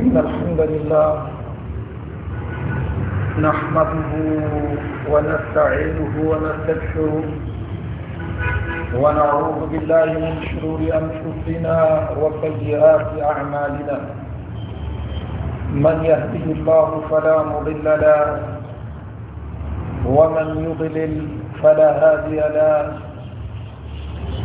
إن الحمد لله نحمده ونستعينه ونستبشره ونعوذ بالله من شرور أنفسنا وسيئات أعمالنا من يهده الله فلا مضل له ومن يضلل فلا هادي له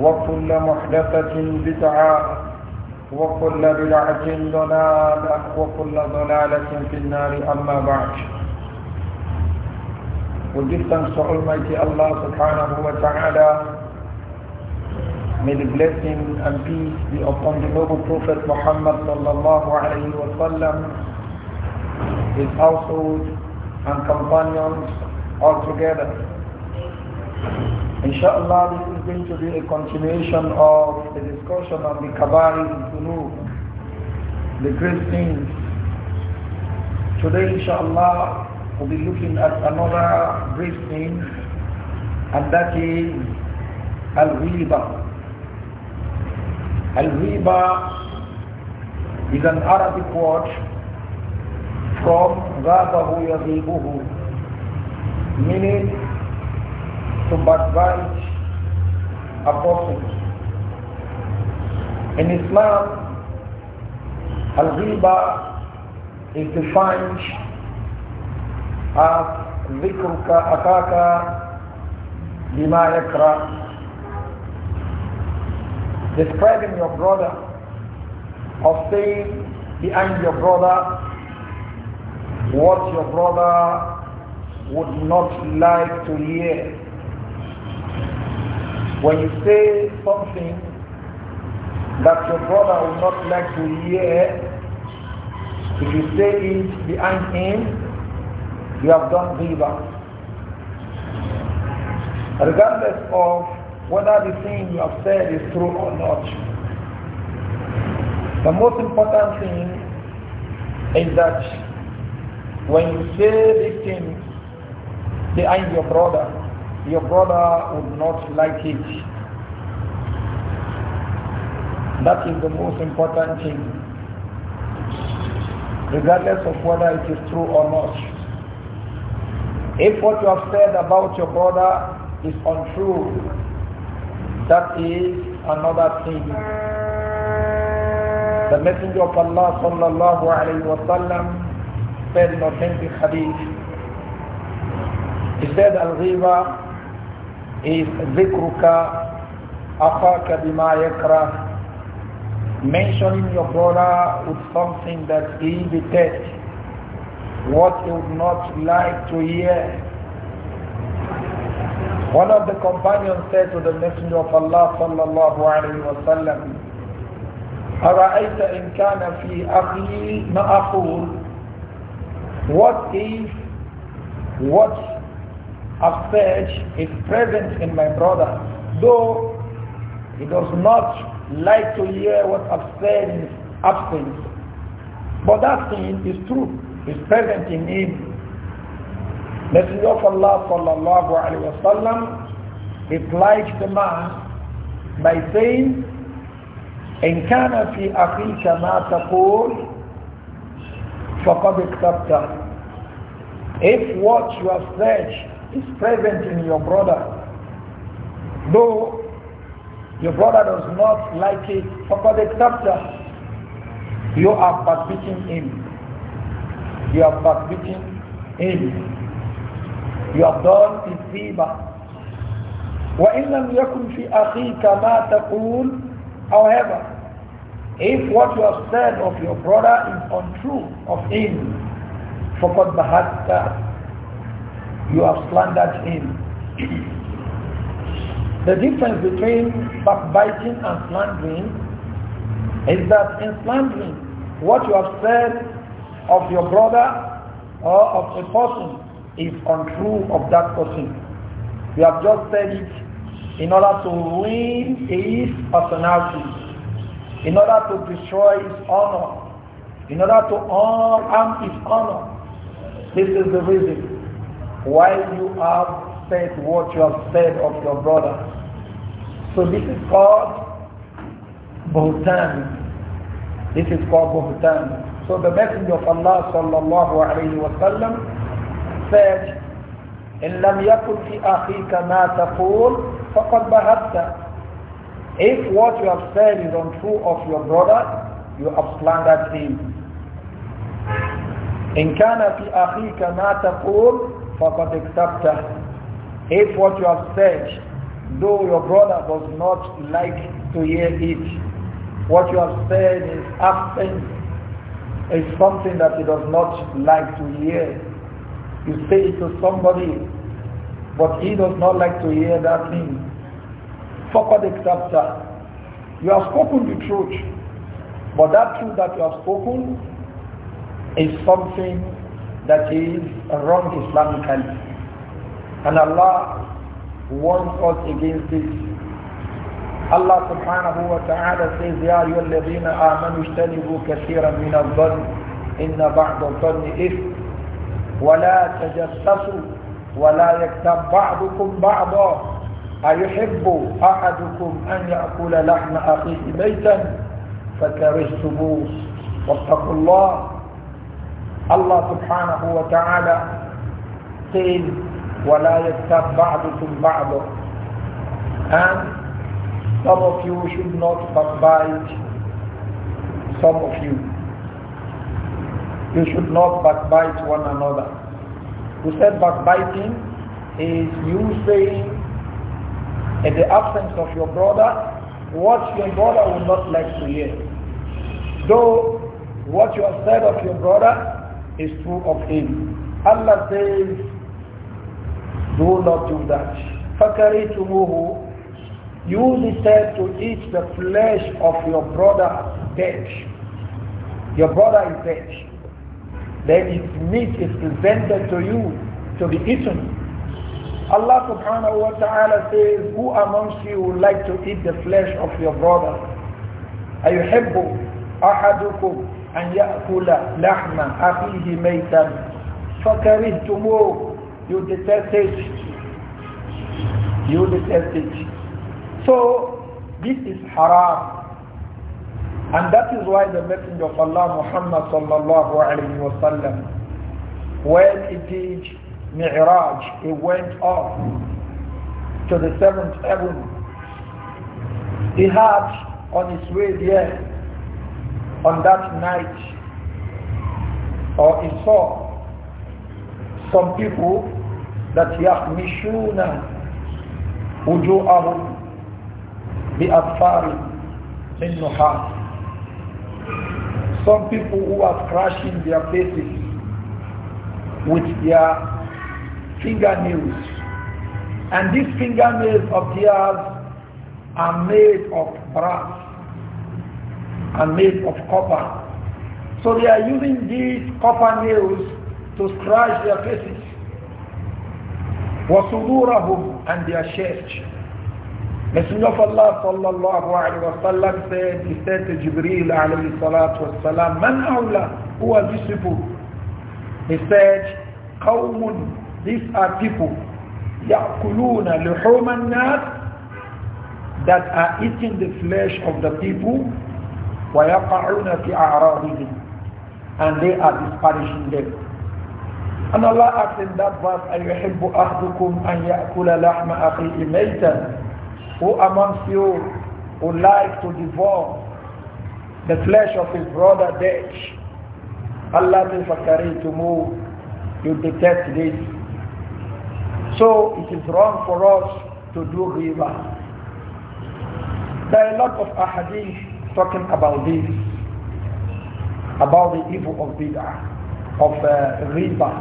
وكل محدثة بدعة وكل بدعة ضلالة وكل ضلالة في النار أما بعد وجدت give thanks to Almighty Allah subhanahu wa ta'ala. May the blessing and peace be upon the noble Prophet Muhammad sallallahu alayhi wa sallam, his household and companions all together. Inshallah, this going to be a continuation of the discussion on the Kabari Zunu, the great things. Today, inshallah, we'll be looking at another great thing, and that is Al-Riba. Al-Riba is an Arabic word from غَابَهُ يَغِيبُهُ meaning to backbite in Islam, Al-Ghiba is defined as ذكرك akaka بما يكره describing your brother or saying behind your brother what your brother would not like to hear when you say something that your brother would not like to hear, if you say it behind him, you have done riba. Regardless of whether the thing you have said is true or not. The most important thing is that when you say these things behind your brother, your brother would not like it. That is the most important thing. Regardless of whether it is true or not. If what you have said about your brother is untrue, that is another thing. The Messenger of Allah sallallahu alayhi wa sallam said in authentic hadith, he said, Al-Ghiba is ذكرك أخاك بما يكره mentioning your brother with something that he detests what he would not like to hear one of the companions said to the Messenger of Allah صلى الله عليه وسلم, أَرَأَيْتَ إِنْ كَانَ فِي أَخِي مَأَخُولُ What if, what as such is present in my brother, though he does not like to hear what I've said in absence. But that thing is true, is present in him. Messenger of Allah sallallahu alayhi wa sallam replied to the man by saying, إن كان في أخيك ما تقول فقد اكتبته. If what you have said is present in your brother, though your brother does not like it, فقد اكتبته you are backbiting him. You are backbiting him. You have done his riba. وإن لم يكن في أخيك ما تقول However, if what you have said of your brother is untrue of him, فقد بهت you have slandered him. the difference between backbiting and slandering is that in slandering, what you have said of your brother or of a person is untrue of that person. You have just said it in order to ruin his personality, in order to destroy his honor, in order to harm his honor. This is the reason while you have said what you have said of your brother. So this is called Bhutan. This is called Bhutan. So the Messenger of Allah sallallahu alayhi wa sallam said, إن لم يكن في أخيك ما تقول فقد بهت If what you have said is untrue of your brother, you have slandered him. إن كان في أخيك ما تقول فَقَدْ اكْتَبْتَ If what you have said, though your brother does not like to hear it, what you have said is absent, is something that he does not like to hear. You say it to somebody, but he does not like to hear that thing. فَقَدْ اكْتَبْتَ You have spoken the truth, but that truth that you have spoken is something that is wrong Islamically. And Allah warns us against this. Allah subhanahu wa ta'ala says, يَا أَيُّهَا الَّذِينَ آمَنُوا اجْتَنِبُوا كَثِيرًا مِنَ الظَّنِّ إِنَّ بَعْضَ الظَّنِّ إِثْمٌ وَلَا تَجَسَّسُوا وَلَا يَكْتَبْ بَعْضُكُمْ بَعْضًا أَيُحِبُّ أَحَدُكُمْ أَنْ يَأْكُلَ لَحْمَ أَخِيهِ مَيْتًا فَكَرِهْتُمُوهُ وَاتَّقُوا اللَّهَ Allah subhanahu wa ta'ala says, وَلَا يَتَّبْ بَعْدُكُمْ And some of you should not backbite some of you. You should not backbite one another. We said backbiting is you saying in the absence of your brother what your brother would not like to hear. Though what you have said of your brother is true of him. Allah says, do not do that. muhu. You decided to eat the flesh of your brother dead. Your brother is dead. Then his meat is presented to you to be eaten. Allah subhanahu wa ta'ala says, Who amongst you would like to eat the flesh of your brother? أَيُحِبُّ أَحَدُكُمْ أن يأكل لحم أخيه ميتا فكرهتموه you detested you detested so this is haram and that is why the messenger of Allah Muhammad sallallahu alayhi wa when he did Mi'raj he went off to the seventh heaven he had on his way there on that night or he saw some people that يَحْمِشُونَ وُجُوءَهُمْ بِأَطْفَارٍ مِنْ نُحَاسٍ Some people who are crushing their faces with their fingernails. And these fingernails of theirs are made of brass and made of copper. So they are using these copper nails to scratch their faces. وَصُدُورَهُمْ and their chests. Messenger of Allah sallallahu alayhi wa sallam said, he said to Jibreel alayhi salatu wa sallam, who are these people? He said, قَوْمٌ, these are people, يَأْكُلُونَ لُحُومَ النَّاسِ that are eating the flesh of the people وَيَقَعُونَ فِي أَعْرَاضِهِمْ And they are disparaging them. And Allah asked in that verse, أَيُحِبُّ أَحْدُكُمْ أَنْ يَأْكُلَ لَحْمَ أَخِيهِ مَيْتًا Who amongst you would like to devour the flesh of his brother dead? Allah to move You detest this. So it is wrong for us to do riba. There are a lot of ahadith talking about this, about the evil of bid'ah, of uh, riba.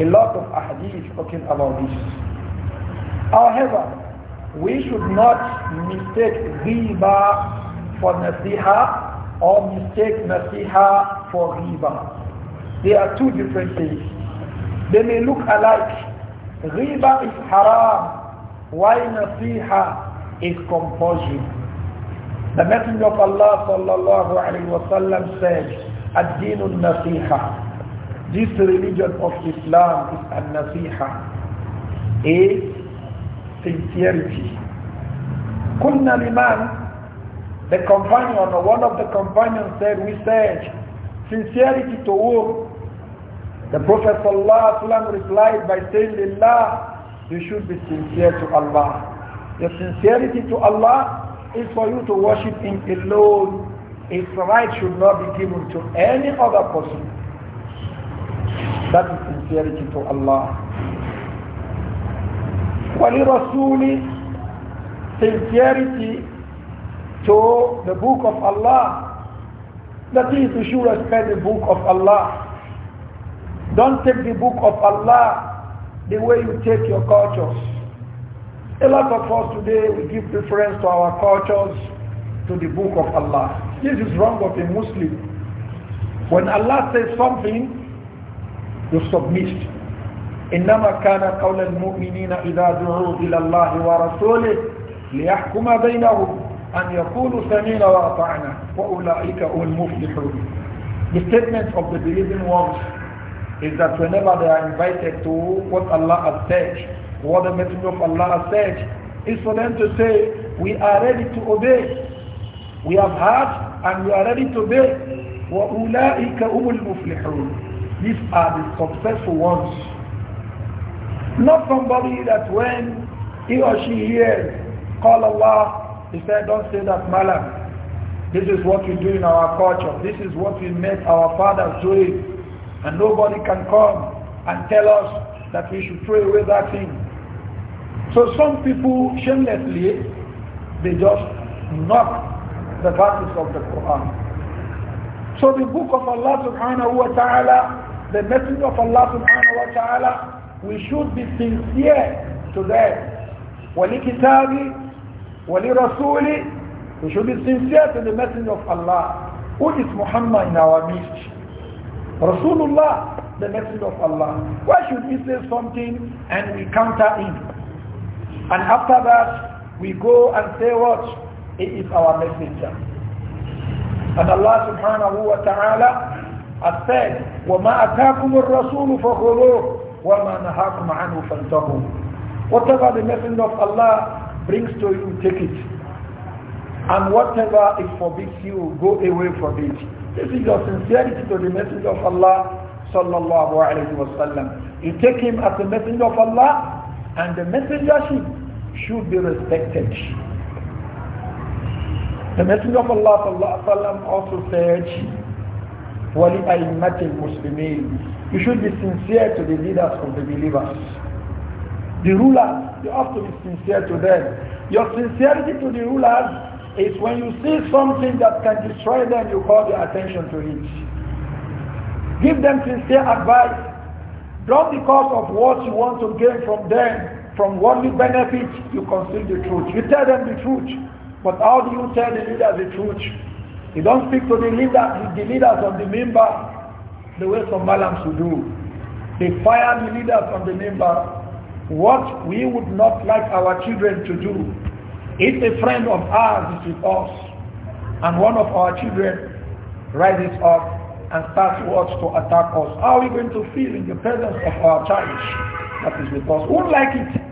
A lot of ahadith talking about this. However, we should not mistake riba for nasiha or mistake nasiha for riba. They are two different things. They may look alike. Riba is haram, Why nasiha is compulsory? The Messenger of Allah sallallahu alayhi wa sallam said, Ad-dinu nasiha This religion of Islam is an-nasiha. A sincerity. Kunna liman, the companion or one of the companions said, we said, sincerity to whom? The Prophet sallallahu alayhi wa sallam replied by saying, Lillah, you should be sincere to Allah. Your sincerity to Allah is for you to worship him alone. His right should not be given to any other person. That is sincerity to Allah. Rasuli, sincerity to the book of Allah. That is, you should respect the book of Allah. Don't take the book of Allah the way you take your cultures. A lot of us today, we give preference to our cultures, to the book of Allah. This is wrong of a Muslim. When Allah says something, you submit. إنما كان قول المؤمنين إذا دعوا إلى الله ورسوله ليحكم بينهم أن يقولوا سمينا وأطعنا وأولئك هم المفلحون. The statement of the believing ones is that whenever they are invited to what Allah has said, what the Messenger of Allah said is for them to say, we are ready to obey. We have heard and we are ready to obey. وَأُولَٰئِكَ هُمُ الْمُفْلِحُونَ These are the successful ones. Not somebody that when he or she hears, call Allah, he said, don't say that malam. This is what we do in our culture. This is what we make our fathers do. And nobody can come and tell us that we should throw away that thing. So some people shamelessly, they just knock the verses of the Quran. So the book of Allah subhanahu wa ta'ala, the message of Allah subhanahu wa ta'ala, we should be sincere to that. وَلِكِتَابِ وَلِرَسُولِ We should be sincere to the message of Allah. Who is Muhammad in our midst? Rasulullah, the message of Allah. Why should we say something and we counter him? And after that, we go and say what? It is our messenger. And Allah subhanahu wa ta'ala has said, وَمَا أَتَاكُمُ الرَّسُولُ فَخُذُوهُ وَمَا نَهَاكُمْ عَنْهُ فَانْتَهُوا Whatever the messenger of Allah brings to you, take it. And whatever it forbids you, go away from it. This is your sincerity to the messenger of Allah sallallahu alayhi wa sallam. You take him as the messenger of Allah and the should should be respected. The Messenger of Allah also said, وَلِأَئِمَّةِ الْمُسْلِمِينَ You should be sincere to the leaders of the believers. The rulers, you have to be sincere to them. Your sincerity to the rulers is when you see something that can destroy them, you call their attention to it. Give them sincere advice, not because of what you want to gain from them, from you benefit, you conceal the truth. You tell them the truth. But how do you tell the leader the truth? You don't speak to the leader, the leaders of the member the way some Malams do. They fire the leaders of the member. What we would not like our children to do. If a friend of ours is with us and one of our children rises up and starts what to attack us, how are we going to feel in the presence of our child that is with us? Who would like it?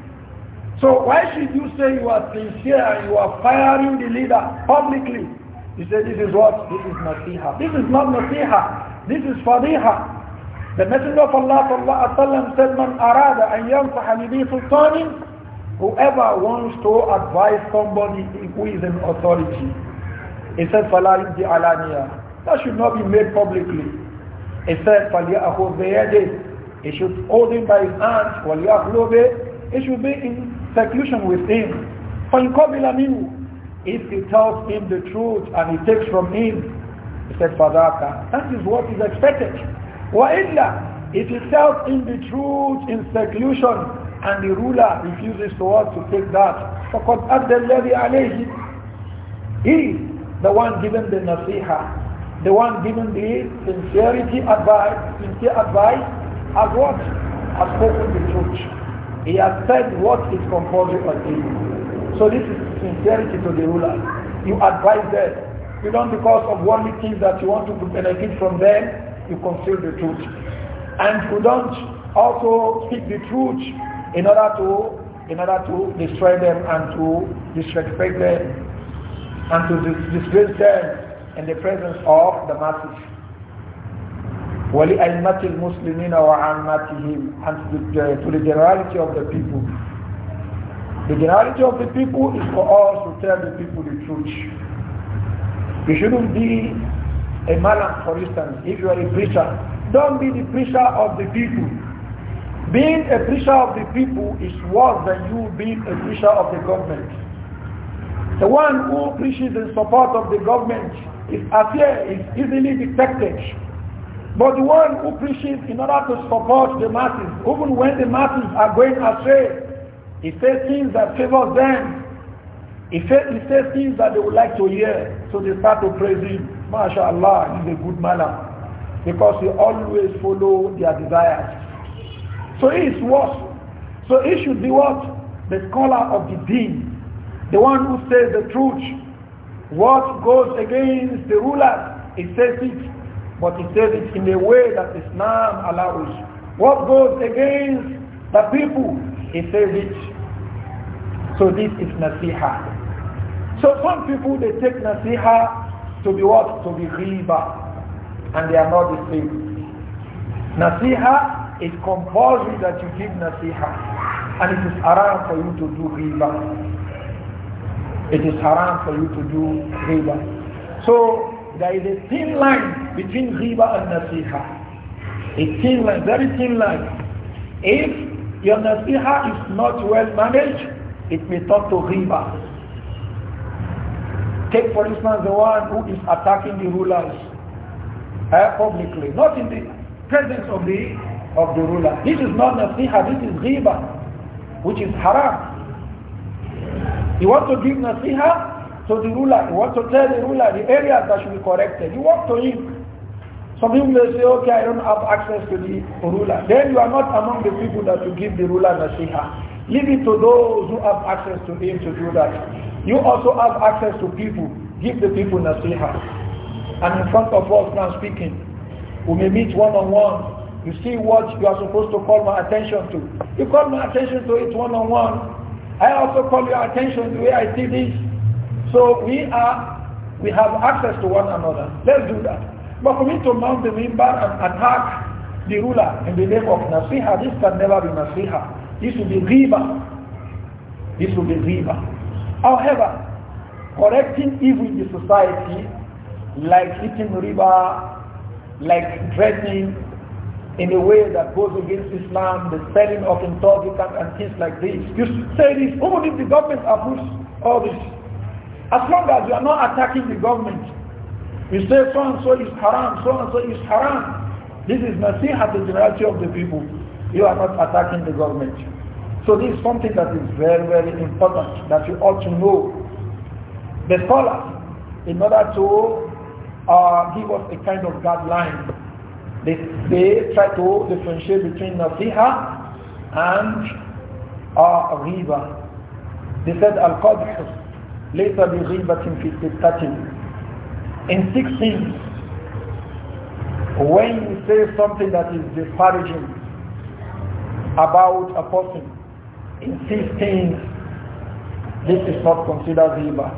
So why should you say you are sincere and you are firing the leader publicly? You say this is what? This is nasiha. This is not nasiha. This is fadiha. The Messenger of Allah sallallahu said, "Man arada an yansaha li sultanin." Whoever wants to advise somebody who is in authority, he said, "Fala yubdi alaniya." That should not be made publicly. He said, "Falyakhudh bi yadihi." He should hold him by his hand. "Walyakhlu bi." It should be in seclusion with him. If he tells him the truth and he takes from him, he said, Fadaka, That is what is expected. وَإِلَّا If he tells him the truth in seclusion and the ruler refuses to us to take that, فَقَدْ أَدَّ الَّذِي عَلَيْهِ He, the one given the nasiha, the one given the sincerity advice, sincere advice, as what? Has spoken the truth. He has said what is compulsory on him. So this is sincerity to the ruler. You advise them. You don't because of worldly things that you want to benefit from them, you conceal the truth. And you don't also speak the truth in order to in order to destroy them and to disrespect them and to disgrace them in the presence of the masses. وَلِأَئِمَّةِ الْمُسْلِمِينَ وَعَامَّتِهِمْ And to the, uh, to the generality of the people. The generality of the people is for us to tell the people the truth. You shouldn't be a man, for instance, if you are a preacher. Don't be the preacher of the people. Being a preacher of the people is worse than you being a preacher of the government. The one who preaches in support of the government is, is easily detected but the one who preaches in order to support the masses, even when the masses are going astray, he says things that favor them. He says, he says things that they would like to hear. So they start to praise him. MashaAllah, he's a good man. Because he always follow their desires. So he is what? So he should be what? The scholar of the deen. The one who says the truth. What goes against the ruler, he says it but he says it in a way that Islam allows. What goes against the people, he says it. So this is nasiha. So some people, they take nasiha to be what? To be riba. And they are not the same. Nasiha is compulsory that you give nasiha. And it is haram for you to do riba. It is haram for you to do riba. So there is a thin line between riba and nasiha. A thin line, very thin line. If your nasiha is not well managed, it may turn to riba. Take for instance the one who is attacking the rulers uh, publicly, not in the presence of the of the ruler. This is not nasiha, this is riba, which is haram. You want to give nasiha, to the ruler. You want to tell the ruler the areas that should be corrected. You walk to him. Some people may say, okay, I don't have access to the ruler. Then you are not among the people that you give the ruler nasiha. Leave it to those who have access to him to do that. You also have access to people. Give the people nasiha. And in front of us now speaking, we may meet one-on-one. You see what you are supposed to call my attention to. You call my attention to it one-on-one. -on -one. I also call your attention to where I see this. So we are, we have access to one another. Let's do that. But for me to mount the mimbar and attack the ruler in the name of Nasiha, this can never be Nasiha. This will be riba. This will be riba. However, correcting evil in the society, like eating riba, like dressing in a way that goes against Islam, the selling of intoxicants and things like this. You should say this, even if the government approves all this, as long as you are not attacking the government, you say so and so is haram, so and so is haram. This is nasihah to the generality of the people. You are not attacking the government. So this is something that is very, very important that you ought to know. The scholars, in order to uh, give us a kind of guideline, they, they try to differentiate between nasiha and uh, riba. They said al-qadh ليس بغيبة في ستة in six things when you say something that is disparaging about a person in six things this is not considered riba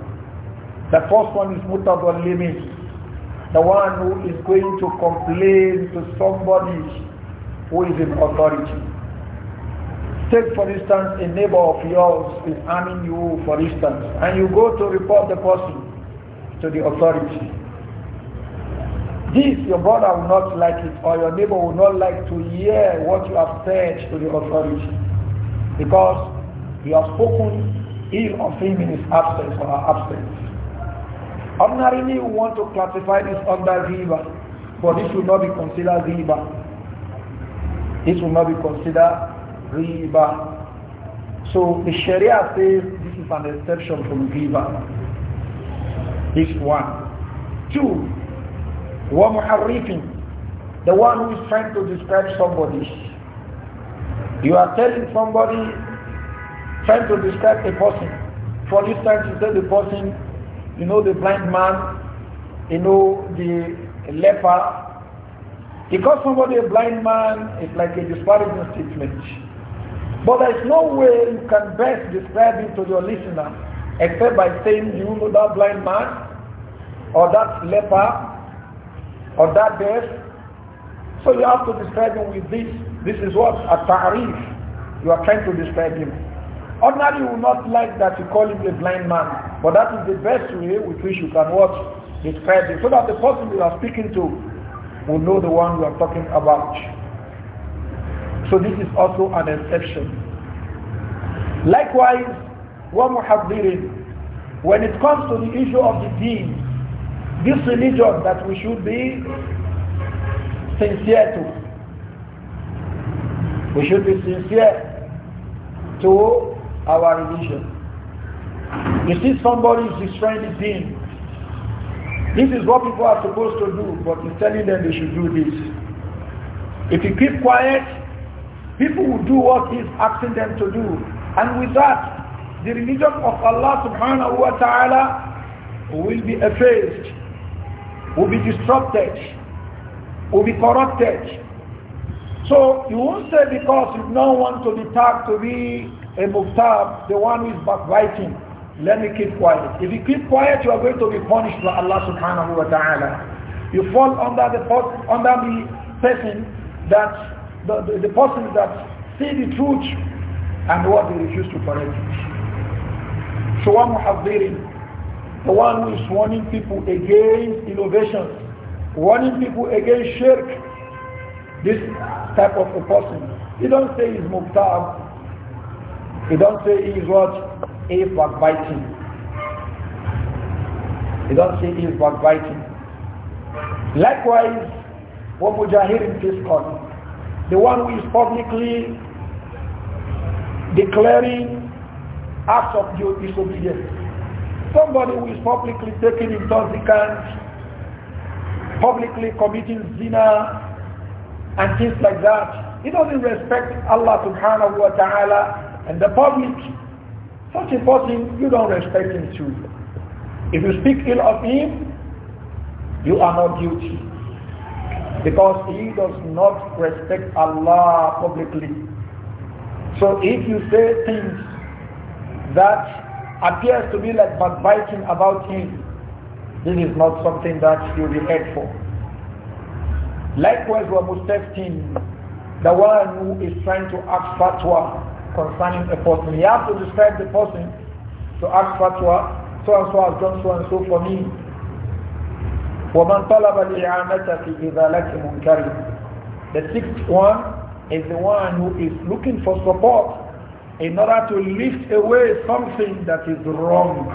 the first one is mutabal limit the one who is going to complain to somebody who is in authority Take for instance a neighbor of yours is harming you for instance and you go to report the person to the authority. This your brother will not like it or your neighbor will not like to hear what you have said to the authority because you have spoken ill of him in his absence or her absence. Ordinarily we want to classify this under riba but this will not be considered riba. This will not be considered riba. So the Sharia says this is an exception from riba. This one. Two, ومحرفين, the one who is trying to describe somebody. You are telling somebody, trying to describe a person. For instance, you tell the person, you know the blind man, you know the leper. Because somebody a blind man is like a disparaging statement. But there is no way you can best describe it to your listener except by saying, you know that blind man, or that leper, or that deaf. So you have to describe him with this. This is what a ta'rif. You are trying to describe him. Ordinarily, you will not like that you call him a blind man, but that is the best way with which you can what describe him, so that the person you are speaking to will know the one you are talking about. So this is also an exception. Likewise, وَمُحَضِّرٍ When it comes to the issue of the deen, this religion that we should be sincere to, we should be sincere to our religion. You see somebody is destroying the deen. This is what people are supposed to do, but he's telling them they should do this. If you keep quiet, people will do what he's asking them to do. And with that, the religion of Allah subhanahu wa ta'ala will be effaced, will be disrupted, will be corrupted. So you won't say because you don't want to be tagged to be a muftab, the one who is backbiting, let me keep quiet. If you keep quiet, you are going to be punished by Allah subhanahu wa ta'ala. You fall under the, under the person that the, the, the that see the truth and what they refuse to correct it. So one muhaddirin, the one who is warning people against innovations, warning people against shirk, this type of a person, he don't say he's muktab, he don't say he's what? A backbiting. He don't say he's backbiting. Likewise, what in is called the one who is publicly declaring acts of disobedience. Somebody who is publicly taking intoxicants, publicly committing zina, and things like that. He doesn't respect Allah subhanahu wa ta'ala and the public. Such a person, you don't respect him too. If you speak ill of him, you are not guilty. Because he does not respect Allah publicly. So if you say things that appears to be like backbiting about him, this is not something that you will be heard for. Likewise, we're Mustaftin, the one who is trying to ask fatwa concerning a person. You have to describe the person to ask fatwa, so and so has done so and so for me وَمَنْ طَلَبَ الْإِعَانَةَ فِي إِذَالَةِ مُنْكَرٍ The sixth one is the one who is looking for support in order to lift away something that is wrong.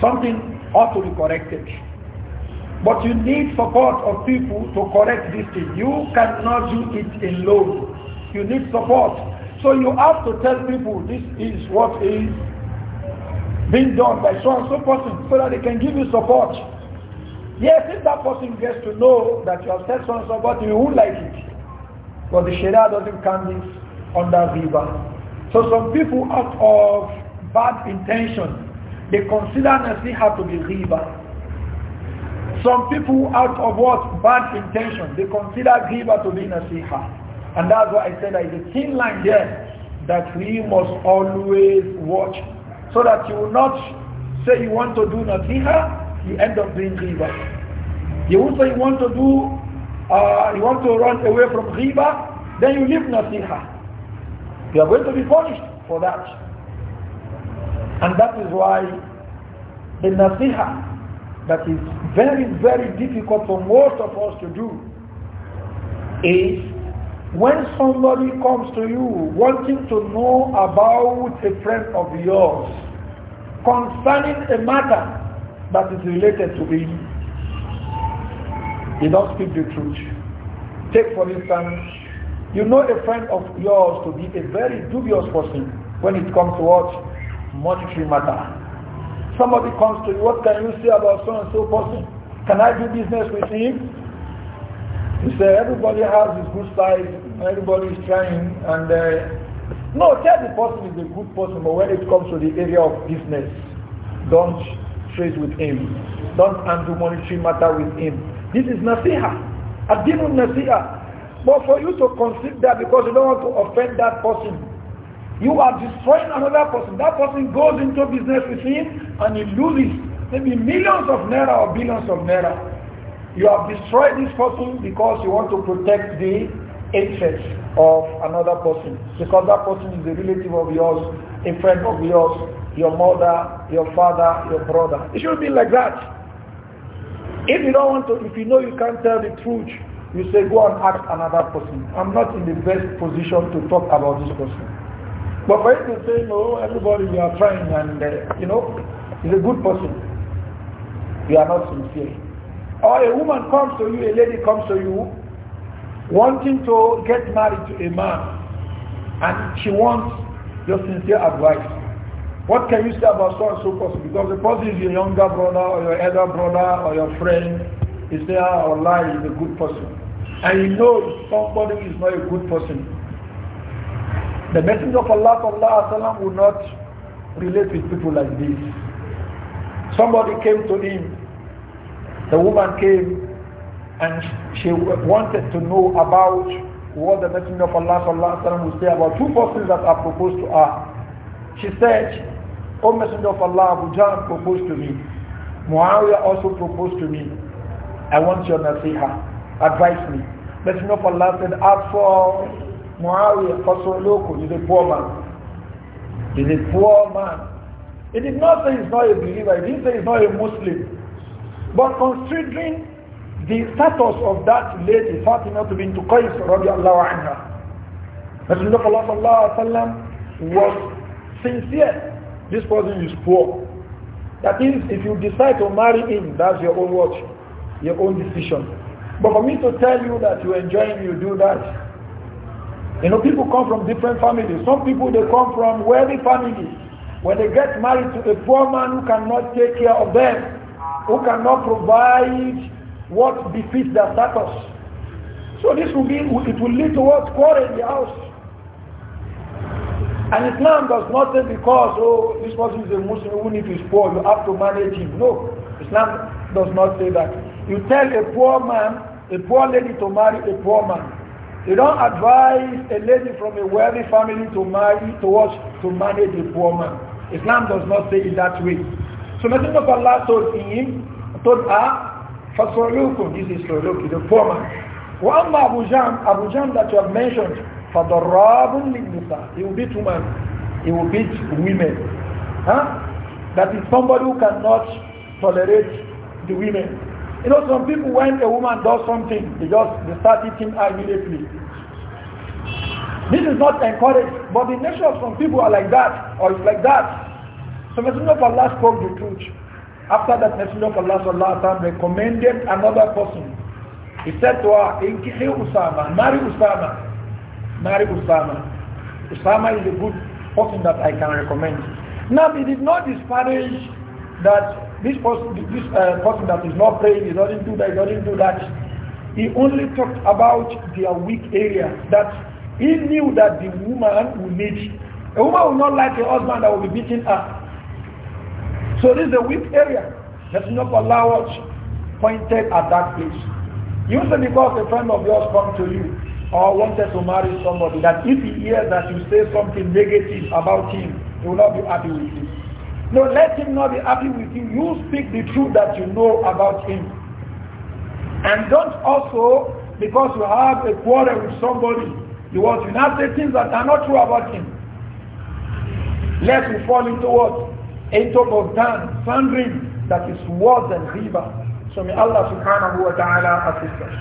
Something ought to be corrected. But you need support of people to correct this thing. You cannot do it alone. You need support. So you have to tell people this is what is being done by so and so person so that they can give you support. Yes, if that person gets to know that you have said so and so about you, you won't like it. But the Sharia doesn't count this under riba. So some people out of bad intention, they consider nasiha to be riba. Some people out of what? Bad intention, they consider riba to be nasiha. And that's why I said there is a thin line there that we must always watch so that you will not say you want to do nasiha, you end up doing riba. You will say you want to do, uh, you want to run away from riba, then you leave nasiha. You are going to be punished for that. And that is why the nasiha that is very, very difficult for most of us to do is when somebody comes to you wanting to know about a friend of yours concerning a matter that is related to him. He don't speak the truth. Take for instance, you know a friend of yours to be a very dubious person when it comes to what? Monetary matter. Somebody comes to you, what can you say about so and so person? Can I do business with him? You say everybody has his good side, everybody is trying and uh, no, tell the person is a good person, but when it comes to the area of business, don't trade with him. Don't handle monetary matter with him. This is nasiha. Adinun nasiha. But for you to consider that because you don't want to offend that person, you are destroying another person. That person goes into business with him and he loses maybe millions of naira or billions of naira. You have destroyed this person because you want to protect the interest of another person because that person is a relative of yours, a friend of yours, your mother, your father, your brother. It should be like that. If you don't want to, if you know you can't tell the truth, you say go and ask another person. I'm not in the best position to talk about this person. But for you to say no, everybody you are trying and uh, you know, he's a good person. You are not sincere. Or a woman comes to you, a lady comes to you, wanting to get married to a man and she wants your sincere advice. What can you say about so and so person? Because the person is your younger brother or your elder brother or your friend is there or lie is a good person. And you know somebody is not a good person. The Messenger of Allah sallallahu will not relate with people like this. Somebody came to him. The woman came and she wanted to know about what the Messenger of Allah sallallahu alaihi would say about two persons that are proposed to her. She said, O Messenger of Allah, Abu Jahl proposed to me. Muawiyah also proposed to me. I want your nasiha. Advise me. Messenger of Allah said, ask for Muawiyah, Fasoloku. He's a poor man. He's a poor man. He did not say he's not a believer. He didn't say he's not a Muslim. But considering the status of that lady, Fatima bint Qais radiallahu anha. Messenger of Allah sallallahu alayhi wa was sincere. This person is poor. That is, if you decide to marry him, that's your own watch, your own decision. But for me to tell you that you enjoy him, you do that. You know, people come from different families. Some people, they come from wealthy families. When they get married to a poor man who cannot take care of them, who cannot provide what befits their status. So this will be, it will lead to what? Quarrel in the house. And Islam does not say because, oh, this person is a Muslim, even if he's poor, you have to manage him. No, Islam does not say that. You tell a poor man, a poor lady to marry a poor man. You don't advise a lady from a wealthy family to marry, towards To manage a poor man. Islam does not say it that way. So Messenger of Allah told him, told her, فَصُعْلُوكُمْ This is Suluki, the poor man. وَأَمَّا Abu Jam, Abu Jam that you have mentioned, فَضَرَّابٌ لِلْنِسَى He will beat women. He will beat women. Huh? That is somebody who cannot tolerate the women. You know, some people, when a woman does something, they just they start eating immediately. This is not encouraged, but the nature of some people are like that, or it's like that. So Messenger of Allah spoke the truth. After that, Messenger of Allah sallallahu alaihi wasallam recommended another person. He said to her, "Inkihi Usama, marry Usama, marry Usama. Usama is a good person that I can recommend." Now, he did not disparage that this person, this uh, person that is not praying, he doesn't do that, he doesn't do that. He only talked about their weak area. That he knew that the woman will need. A woman will not like a husband that will be beating her. So this is a weak area. That's not allowed pointed at that place. You say because a friend of yours come to you or wanted to marry somebody that if he hears that you say something negative about him, he will not be happy with you. No, let him not be happy with you. You speak the truth that you know about him. And don't also, because you have a quarrel with somebody, you want to not say things that are not true about him. Lest you fall into what? 8 out of 10 sundering that is worse than riba. So may Allah subhanahu wa ta'ala assist us.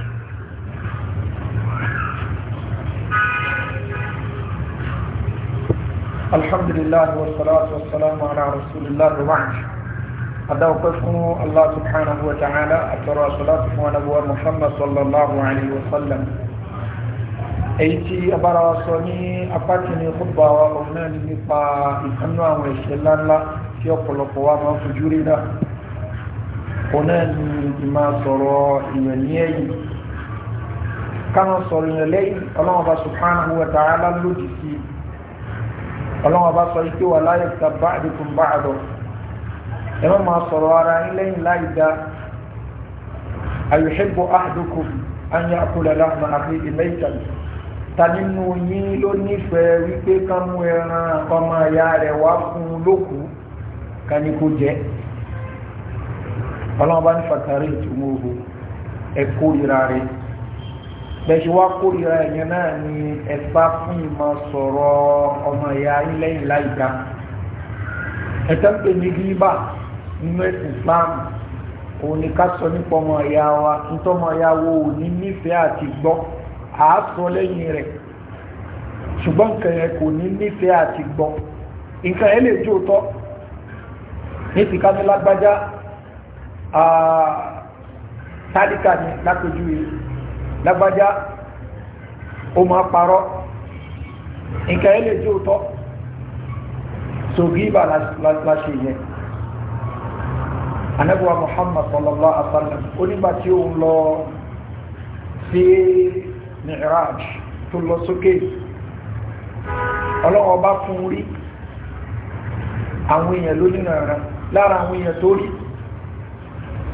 Alhamdulillah wa salatu wa salamu ala rasulillah wa ba'd. Adáwọ̀pẹ́ fún Allah subhanahu wa ta'ala àtọrọ àṣọláti fún anábúwà Muhammad sallallahu alayhi wa sallam. Èyí tí abára wa sọ ní apá kìíní kúbà wa òun náà nípa ìkánú àwọn ìṣẹ̀lá ńlá tí ọ̀pọ̀lọpọ̀ wa máa ń fojú rí náà òun náà ni ìmá sọ̀rọ̀ ìyẹn ní ẹ̀yìn káwọn sọ̀rọ̀ ìyẹn lẹ́yìn ọlọ́wọ́n bá subhanahu wa ta'ala lòdì sí i ọlọ́wọ́n bá sọ ike wà láyé ta bá àdìkún bá àdọ̀ ẹ má máa sọ̀rọ̀ ara yín lẹ́yìn láì dá ayuhibbu ahadukum an ya'kula lahma akhihi maytan ta nínú yín ló nífẹ̀ẹ́ wípé ká kani ní kó jẹ́ ọlọ́wọ́n bá ní fàtàrí ìtumọ̀ òhù ẹ kórìíra rẹ̀ bẹ́ṣe wá kórìíra ẹ̀yẹn náà ni ẹ̀fá fún ìmọ̀ sọ̀rọ̀ ọmọ ìyá ilẹ̀yìn láìka ẹ̀tọ́ ń ní gíbà nínú ẹ̀sìn Islam òun ni ká sọ nípa ọmọ ìyá wa nítorí ọmọ ìyá wo ò ní nífẹ̀ẹ́ àti gbọ́ àá sọ lẹ́yìn rẹ̀ ṣùgbọ́n kò ní nífẹ̀ẹ́ àti gbọ́ nǹkan yẹn lè jó tọ́ ní ti ká ní lágbájá tálíkà ní lápẹjú rẹ̀ lágbájá ó máa parọ́ nǹkan ẹ lè jẹ́ òótọ́ sògíbà láṣẹ yẹn anabuwa muhammad sallallahu alaihi Wasallam. sallam onígbà tí ó ń lọ sí mi'raj tó lọ sókè ọlọ́wọ́ bá fún rí àwọn èèyàn lónìí rẹ̀ rẹ̀ lára àwọn èèyàn tó rí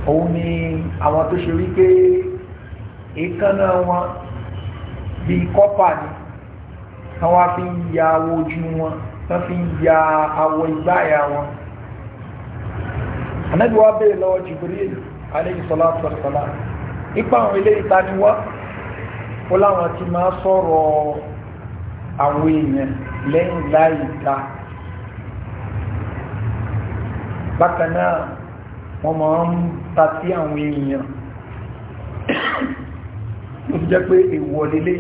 òun ni àwọn tó ṣe wípé èékánná wọn bíi kọ́pà ni táwọn fi ń ya awọ ojú wọn tán fi ń ya awọ ìgbáyà wọn ànábì wa bèèrè lọ́wọ́ Jibril alayhi salatu wassalam ipa àwọn ilé ìtaniwá ó láwọn ti máa sọ̀rọ̀ àwọn èèyàn lẹ́yìn láì bákan náà wọ́n máa ń ta sí àwọn èèyàn ló jẹ́ pé èèwọ̀ yìí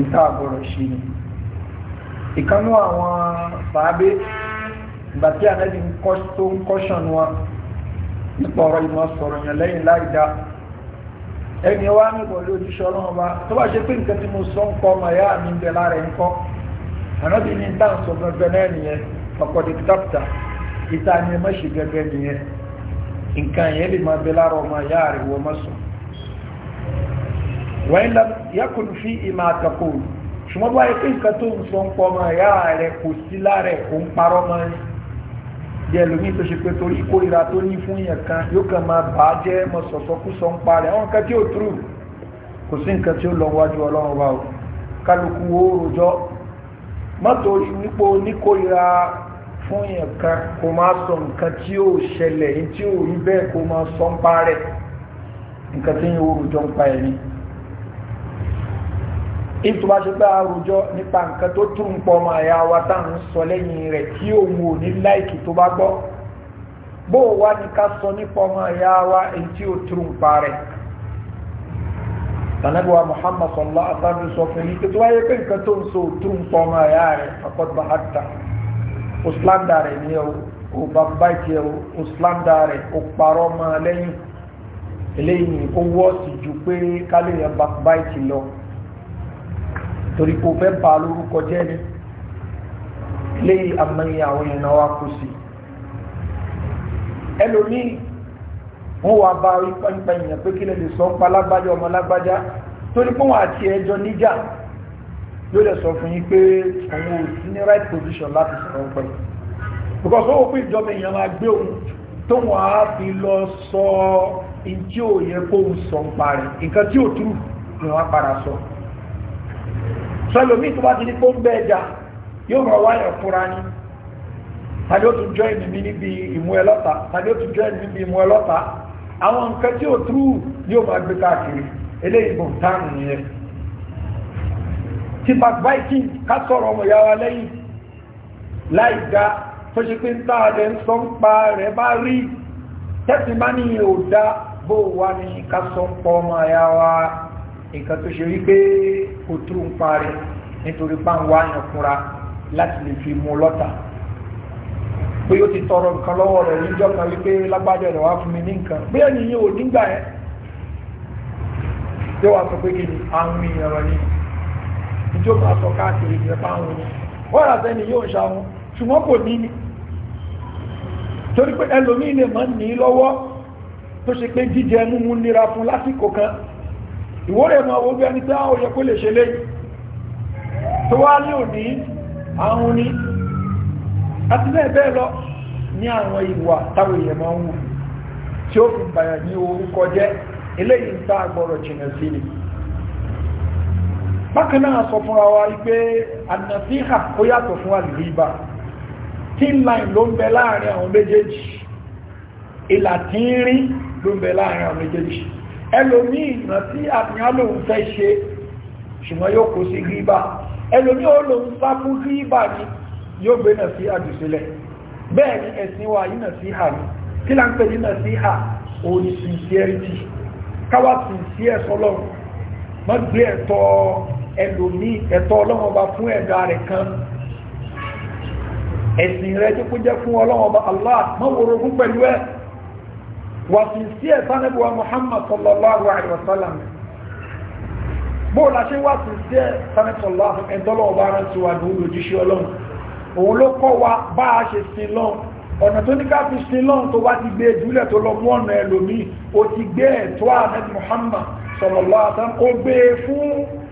ń tá àbọ̀rọ̀ ni ìkánú àwọn fàábé ìgbà tí ànábì tó ń kọ́ṣàn wọn nípa ọ̀rọ̀ ìmọ̀ sọ̀rọ̀ yàn lẹ́yìn láìda ẹni wá níbọ̀ lé ojúṣe ọlọ́run bá tó bá ṣe pé nǹkan tí mo sọ ń kọ́ ọmọ ẹ̀yà mi ń bẹ lára ẹ̀ ń kọ́ ànábì ní ìtàn sọ gbẹgbẹ náà nìyẹn ọ̀pọ̀ dìkítàpítà ìta ni ẹ má ṣe gẹ́gẹ́ nìyẹn nǹkan yẹn lè máa bẹ lára ọmọ ìyá rẹ̀ wọ́n má sùn wọ́n lọ yẹ́kùn fi ìmọ̀ àtàkù ṣùgbọ́n báyìí pé nǹkan tó ń sọ ń pọ̀ ọmọ ìyá rẹ̀ kò sí lára kò ń parọ́ mọ́ ẹ̀ díẹ̀ lómi tó ṣe pé torí kórìíra tó ní fún yẹn kan yóò kàn máa bà á jẹ́ mọ̀ sọ̀sọ́kú sọ ń parẹ́ àwọn nǹkan tí ò túrù kò sí nǹkan tí ó lọ wájú ọlọ́run wa o kálukú wo rojọ́ mọ́tò nípò oníkórìíra fún yẹn kan kó máa sọ nǹkan tí ó ṣẹlẹ̀ yìí tí ó rí bẹ́ẹ̀ kó máa sọ ń pa rẹ̀ nǹkan tí yẹn ó ń pa ẹ̀ ni ìtura ṣe bá àrùjọ nípa nǹkan tó tún pọ̀ ọmọ àyà wa táwọn ń sọ lẹ́yìn rẹ̀ tí òun ò ní láìkì tó bá gbọ́ bó wá ní ká sọ nípa ọmọ àyà wa èyí tí ó tún pa rẹ̀ tànàbíwá Muhammad sallallahu alaihi wasallam sọ fún yìí tó wáyé pé nǹkan tó ń sọ tún pọ̀ ọmọ àyà rẹ̀ faqad bahatta ó slanda o ní o ó bàbá ìtì ẹ̀ ó slanda rẹ̀ ó parọ́ mọ́ lẹ́yìn lọ torí kò fẹ́ bà lórúkọ jẹ́ ni léyìí amẹ́yìn na wa kù sí ẹlòmíì wọ́n wá bá rí pẹ́ńpẹ́yìn pé sọ ń pa yóò lè sọ fún yín pé àwọn òsì ní right position láti sọ̀rọ̀ pẹ̀lú because ó pín ìjọba èèyàn máa gbé òun tó wọ́n á fi lọ sọ in tí ò yẹ kó ń sọ ń parí nǹkan tí ò túrù ni wọ́n padà sọ sọlọ́mí tó bá ti ní kó ń bẹ́ ẹja yóò rọ wáyà fúnra ní tàbí ó tún join mi níbi ìmú ẹlọ́ta tàbí ó tún join mi níbi ìmú ẹlọ́ta àwọn nǹkan tí ò túrù yóò máa gbé káàkiri eléyìí ti backbiting ká sọ̀rọ̀ ọmọ ìyá wa lẹ́yìn láì ga tó ṣe pé ń tá àdẹ ń sọ ń pa rẹ̀ bá rí tẹ́sí má ní ìhò dá bó wà ní ká sọ ń pọ ọmọ ìyá wa tó ṣe wípé kò tú ń parí nítorí páńwá yàn fúnra láti lè fi mú lọ́ta pé ó ti tọrọ nǹkan lọ́wọ́ rẹ̀ níjọ́ kan wípé lágbájọ rẹ̀ wá fún mi ní nǹkan bí ẹni yìí ò nígbà yẹn yóò wá sọ pé kí ni àwọn èèyàn rẹ̀ ìjọ máa sọ káàkiri ìrẹ́pá wọn ni wọ́n rà sẹ́ni yóò ṣá wọn ṣùgbọ́n kò ní ní torí pé ẹlòmíì lè mọ́ ní lọ́wọ́ tó ṣe pé jíjẹ múmú nira fún lásìkò kan ìwórè mọ́ owó bí ẹni tí àwọn òyẹ lè ṣe léyìn tó wá ní òní bákan náà sọ fún wa wípé ànàfíhà ó yàtọ̀ fún àlìríbà tin line ló ń bẹ láàrin àwọn méjèèjì ìlà ló ń bẹ láàrin àwọn méjèèjì ẹlòmí ìnà tí àfihàn lòun fẹ́ ṣe ṣùgbọ́n yóò kó sí ríbà ẹlòmí ó lòun sá fún ríbà ni yóò gbé náà sí àdùsílẹ̀ bẹ́ẹ̀ ni ẹ̀sìn wa yìí náà sí hà ní kí là ń pè ní náà sí hà òun ni sincerity káwá sincere sọlọ́run mọ́ gbé ẹ̀tọ́ ẹlòmí ẹ̀tọ́ ọlọ́wọ́n bá fún ẹ̀dá rẹ̀ kan ẹ̀sìn rẹ̀ tó kó jẹ́ fún ọlọ́wọ́n bá Allah mọ́wòrò fún pẹ̀lú ẹ̀ wà sí sí ẹ̀sá nẹ́bùwà Muhammad sallallahu alaihi wasallam bóò la ṣe wà sí sí ẹ̀sá nẹ́bùwà ẹ̀dọ́lọ́wọ́ bá rán sí wa ní olójúṣẹ́ ọlọ́run òun ló kọ́ wa bá a ṣe sin gbé e fún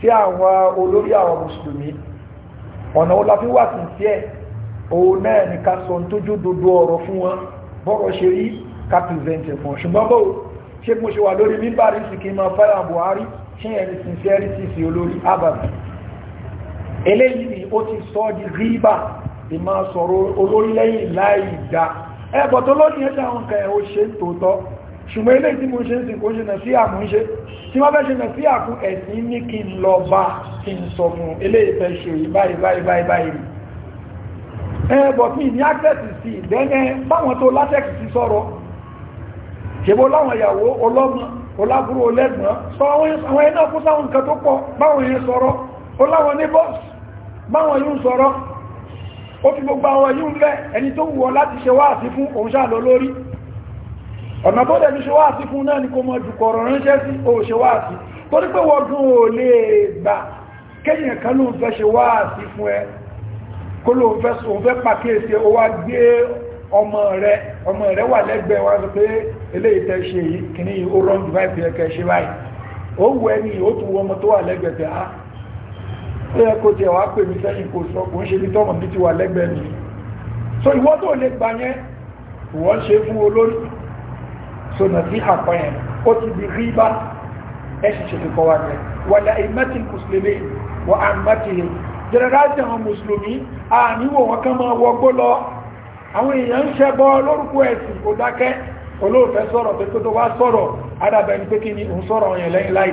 tí àwọn olórí àwọn mùsùlùmí ọ̀nà wo la fi wà sí sí ẹ̀ òun náà ní ká sọ tójú dodo ọ̀rọ̀ fún wọn bọ́rọ̀ ṣe rí ká fún ṣùgbọ́n bó ṣe mo ṣe wà lórí mímbàrí sí kí n máa fáyà Buhari ṣe ẹni sincerity sí olórí abàmì eléyìí ni ó ti sọ di ríbà ìmọ̀ sọ̀rọ̀ olórí lẹ́yìn láì dá ẹ̀bọ̀ tó lónìí ẹ̀ṣẹ̀ àwọn ẹ̀ ó ṣe tòótọ́ ṣùgbọ́n ilé tí mo ṣe ń sìnkó ṣe nàṣí àmúṣe tí wọ́n fẹ́ ṣe nàṣí àkún ẹ̀sìn ní kí n lọ bá kí n sọ fún ilé ìfẹ́ ṣe báyìí báyìí báyìí báyìí ẹ̀bọ̀ tí ní ákẹ́sì sí ìdẹ́nẹ́ báwọn tó látẹ́kì sí sọ̀rọ̀ ṣèbó láwọn ìyàwó ọlọ́mọ olábúrò olẹ́gbọ̀n sọ àwọn ẹ̀nà kú ọ̀nà tó dẹ̀ ní ṣe wáàsí fún náà ni kò mọ̀ jùkọ̀rọ̀ ránṣẹ́ sí o ṣe wáàsí tó ní pé wọ́gún ò lè gbà kéyàn kan ló ń fẹ́ ṣe wáàsí fún ẹ kó ló ń fẹ́ sọ ń fẹ́ pàkíyèsí o wá gbé ọmọ rẹ ọmọ rẹ wà lẹ́gbẹ̀ẹ́ wá sọ pé eléyìí tẹ́ ṣe yìí kìíní ah, so ìwọ tó lè gbà yẹn ìwọ ń so na sí àpá yẹn ó ti di rí bá ẹ̀ṣin ṣe fi kọwa rẹ̀ wà láì mẹ́tì mùsùlùmí wà á mẹ́tì rẹ̀ jẹ́rẹ́rájì àwọn mùsùlùmí a níwò wọn kán máa wọgbó lọ àwọn èèyàn ń ṣẹbọ lórúkọ ẹ̀sìn kò dákẹ́ olóòfẹ́ sọ̀rọ̀ pé tó wá sọ̀rọ̀ adàbẹ̀ ní pé kí ni òun sọ̀rọ̀ ọ̀yàn lẹ́yìn láì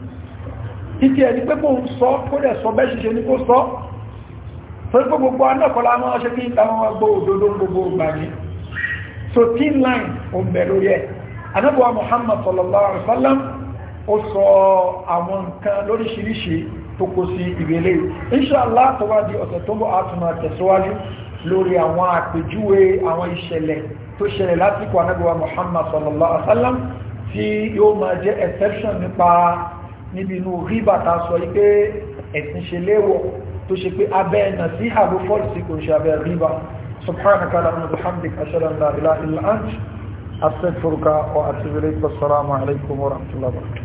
títí ẹni pé kò ń sọ kó rẹ̀ sọ bẹ́ ṣiṣẹ́ ní kó sọ torí pé gbogbo anákọ̀ọ́lá máa ṣe kí ìta wọn gbọ́ òdodo gbogbo ìgbà ní so thin line ò ń bẹ̀ lórí ẹ̀ anábọ̀wá Muhammad sallallahu alaihi wasallam ó sọ àwọn nǹkan lóríṣiríṣi tó kó sí ìrẹ̀lẹ̀ níbi inú ríbà ta sọ wípé ẹ̀sìn ṣe léwọ̀ tó ṣe pé abẹ́ ẹ̀nà sí àbú fọ́ọ̀sì kò ṣe abẹ́ ríbà subhanaka allahumma wa bihamdika ashhadu an la